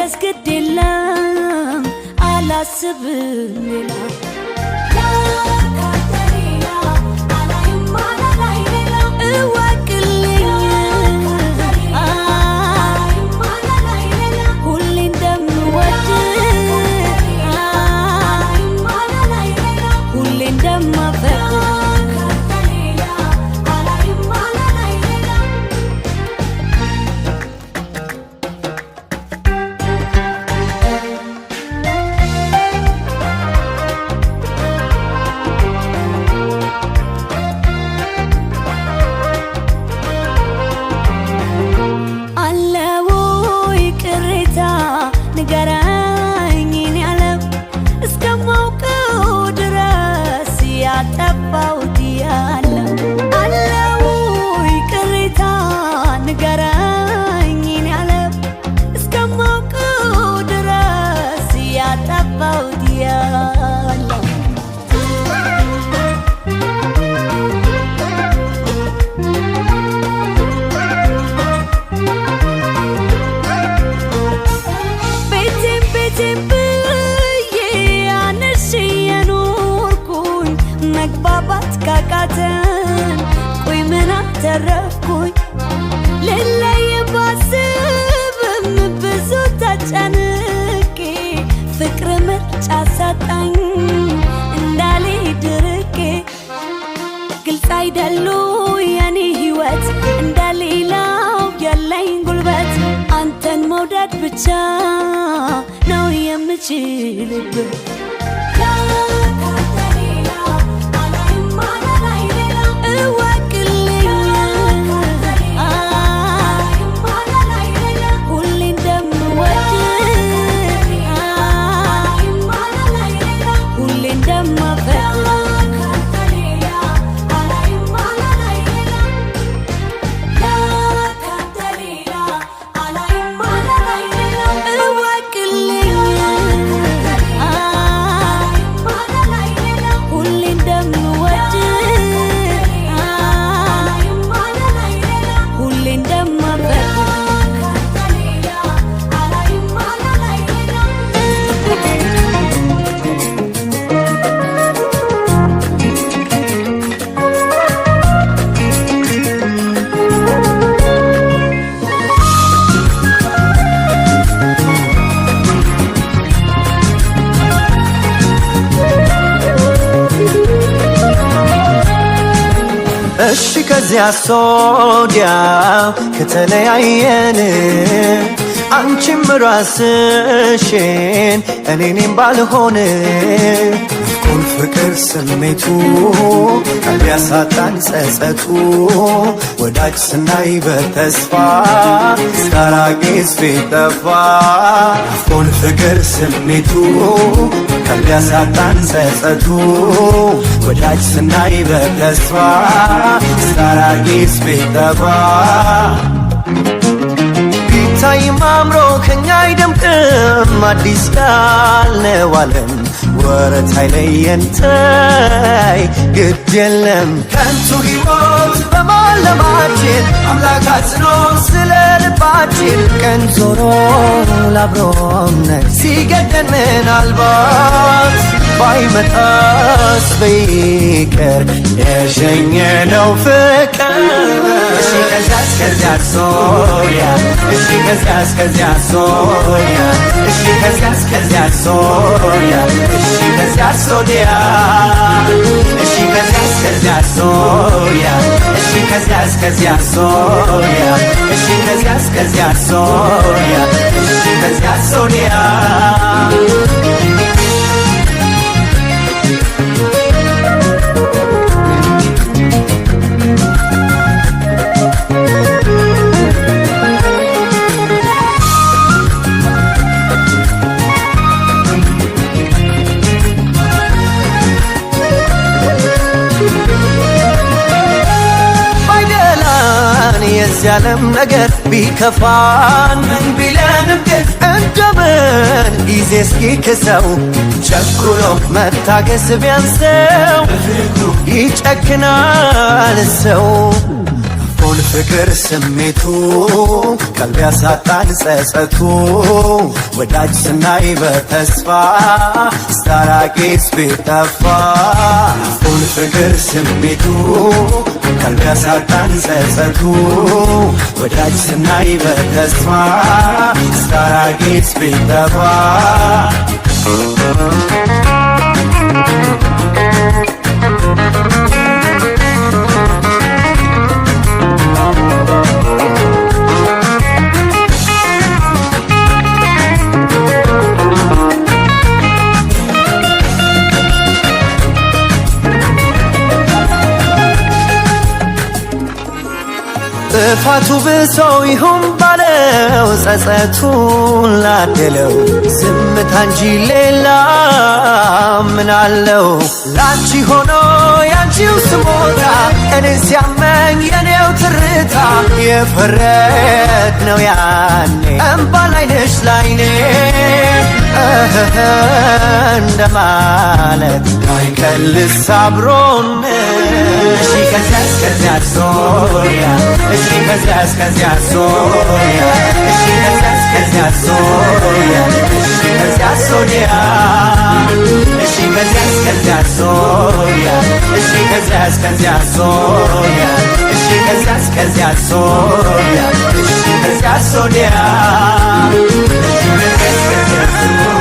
መሞገስ ግድ የለም አላስብም ሌላ መርዳትን ቆይ ምን አተረፍኩኝ ልለይ ባስብም ብዙ ተጨንቄ ፍቅር ምርጫ ሰጠኝ እንዳሌ ድርቄ ግልጽ አይደሉ የኔ ህይወት እንደሌላው ያለኝ ጉልበት አንተን መውደድ ብቻ ነው የምችልብህ እሺ ከዚያ ሶዲያ ከተለያየን አንቺም ራስሽን እኔኔም ባልሆን ክፉን ፍቅር ስሜቱ ከሚያሳጣን ጸጸቱ ወዳጅ ስናይ በተስፋ ስታራቂስ ቢጠፋ ክፉን ፍቅር ስሜቱ ከሚያሳጣን ጸጸቱ ወዳጅ ስናይ በተስፋ ስታራቂስ ቢጠፋ ቢታይም ማምሮ ከኛ አይደምቅም አዲስ ቃል ነው ወረት አይለየን ታይ ግድ የለም ከንቱ ሕይወት በማለማችን አምላካችን ስለ ልባችን ቀን ዞሮ ላብሮነት ሲገደን ምናልባት ባይመጣ ስፈይቀር የሸኘነው ፍቅር እሺ ከዚያ እስከዚያ ሶሪያ እሺ ያለም ነገር ቢከፋን ምን ቢለንም ግን እንደምን ጊዜ እስኪ ክሰው ቸኩሎ መታገስ ቢያንሰው ይጨክናል ሰው የሰውን ፍቅር ስሜቱ ቀልብ ያሳጣን ጸጸቱ ወዳጅ ስናይ በተስፋ ስታራቂስ ቢጠፋ የሰውን ፍቅር ስሜቱ ቀልብ ያሳጣን ጸጸቱ ወዳጅ ስናይ በተስፋ ስታራቂስ ቢጠፋ ክፋቱ ብሰው ይሁን ባለው ጸጸቱን ላደለው ዝምታ እንጂ ሌላ አለው ላንቺ ሆኖ ያንቺው ስሞታ እኔ ሲያመኝ የኔው ትርታ የፈረድ ነው ያኔ እምባ ላይነሽ ላይኔ እንደማለት አይከልስ አብሮን እሺ ከዚያ እስከዚያ ሶሪያ እሺ ከዚያ እስከዚያ ሶሪያ እሺ ከዚያ እሺ ከዚያ እሺ ከዚያ ከዚያ ከዚያ እሺ ከዚያ እሺ ከዚያ